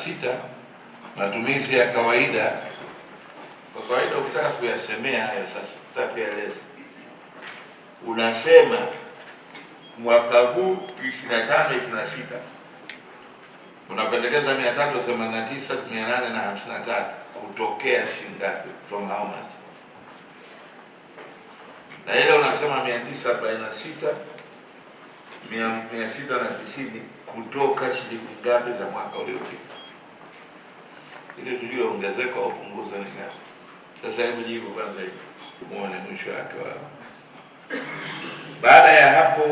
sita matumizi ya kawaida. Kwa kawaida ukitaka kuyasemea hayo sasa, ukitaka unasema mwaka huu 25 sita unapendekeza 389,853 kutokea shilingi From how much? Na ile unasema 946 tisini kutoka shilingi ngapi za mwaka uliopita? ili tujue ongezeko au punguzo ni gani. Sasa hebu jibu kwanza hivi muone mwisho wake. Baada ya hapo,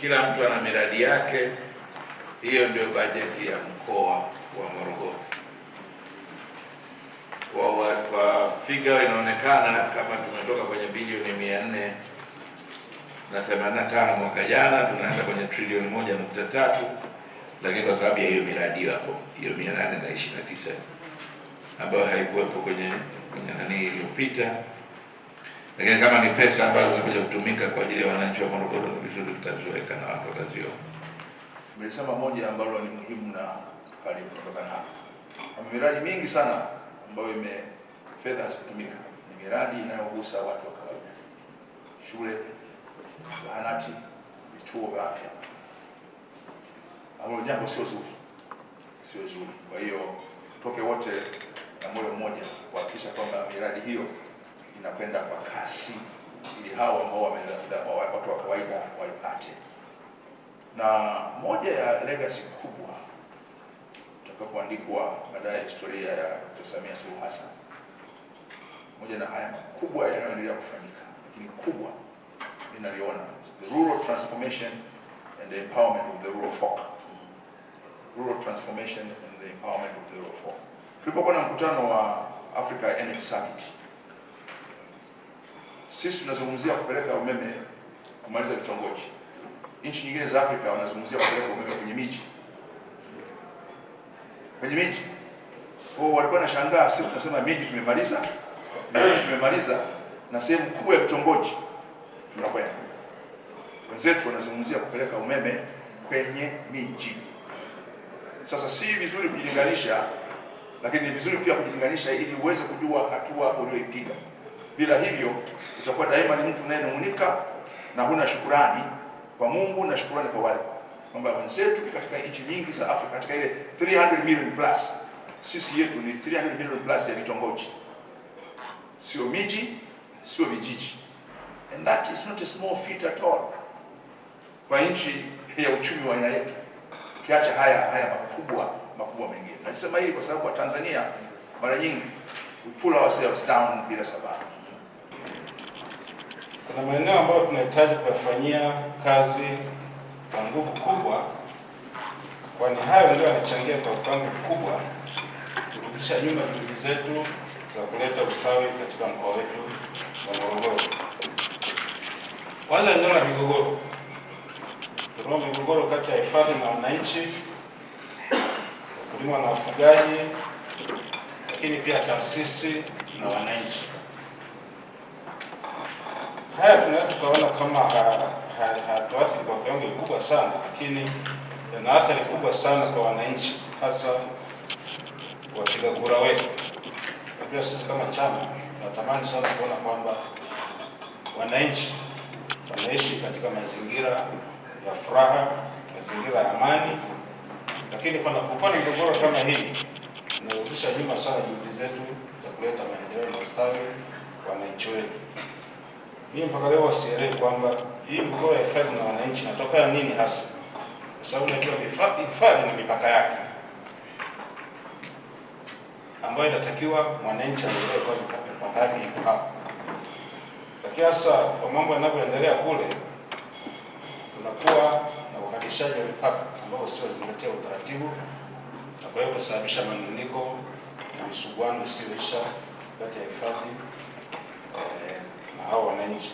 kila mtu ana miradi yake. Hiyo ndio bajeti ya mkoa wa Morogoro. Kwa figa inaonekana kama tumetoka kwenye bilioni mia nne na themanini na tano mwaka jana, tunaenda kwenye trilioni moja nukta tatu lakini kwa sababu ya hiyo miradi hapo hiyo mia nane na ishirini na tisa ambayo haikuwepo kwenye kwenye nani iliyopita, lakini kama ni pesa ambazo zinakuja kutumika kwa ajili ya wananchi wa Morogoro ni vizuri tutaziweka na watu wataziona. Nimesema moja ambalo ni muhimu na tukali kutoka nao, miradi mingi sana ambayo ime fedha hazikutumika ni miradi inayogusa watu wa kawaida, shule, zahanati, vituo vya afya ambalo jambo sio zuri, sio zuri. Kwa hiyo toke wote na moyo mmoja kuhakikisha kwamba miradi hiyo inakwenda kwa kasi ili hao ambao watu wa kawaida waipate. Na moja ya legacy kubwa itakapoandikwa baadaye historia ya Dr. Samia Suluhu Hassan, moja na haya makubwa yanayoendelea kufanyika, lakini kubwa ninaliona the rural transformation and the empowerment of the rural folk transformation and the empowerment of the rural of Tulipokuwa na mkutano wa Africa Energy Summit, sisi tunazungumzia kupeleka umeme kumaliza vitongoji. Nchi nyingine za Afrika wanazungumzia kupeleka umeme kwenye miji, kwenye miji kwao. Walikuwa nashangaa, sisi tunasema miji tumemaliza, miji tumemaliza, na sehemu kubwa ya vitongoji tunakwenda. Wenzetu wanazungumzia kupeleka umeme kwenye miji. Sasa si vizuri kujilinganisha, lakini ni vizuri pia kujilinganisha ili uweze kujua hatua uliyoipiga. Bila hivyo utakuwa daima ni mtu unayenung'unika na huna shukurani kwa Mungu na shukurani kwa wale kwamba wenzetu katika nchi nyingi za Afrika katika ile 300 million plus, sisi yetu ni 300 million plus ya vitongoji, sio miji, sio vijiji, and that is not a small feat at all kwa nchi ya uchumi wa aina yetu ukiacha haya haya makubwa makubwa mengine. Nasema hili kwa sababu Watanzania mara nyingi we ourselves down bila sababu. Kuna maeneo ambayo tunahitaji kuyafanyia kazi kwa nguvu kubwa, kwani hayo ndio yanachangia kwa kiwango kikubwa kurudisha nyuma juhudi zetu za kuleta ustawi katika mkoa wetu wa Morogoro. Kwanza eneo la migogoro kuna migogoro kati ya hifadhi na wananchi, wakulima na wafugaji, lakini pia taasisi na wananchi. Haya tunaweza tukaona kama hatuathiri ha, kwa kiwango kikubwa sana, lakini yana athari kubwa sana kwa wananchi, hasa wapiga kura wetu. Najua sisi kama chama tunatamani sana kuona kwamba wananchi wanaishi katika mazingira ya furaha, mazingira ya amani. Lakini panapokuwa na migogoro kama hii, inarudisha nyuma sana juhudi zetu za kuleta maendeleo na ustawi kwa wananchi wetu. Mimi mpaka leo sielewi kwamba hii mgogoro ya hifadhi na wananchi inatokana nini hasa, kwa sababu najua hifadhi na mipaka yake ambayo inatakiwa mwananchi aendelee kwa mipaka yake iko hapa, lakini hasa kwa mambo yanavyoendelea kule kunakuwa na uhamishaji wa mipaka ambao usiozingatia utaratibu na kwa hiyo kusababisha manunguniko na msuguano usioisha kati ya hifadhi eh, na hao wananchi.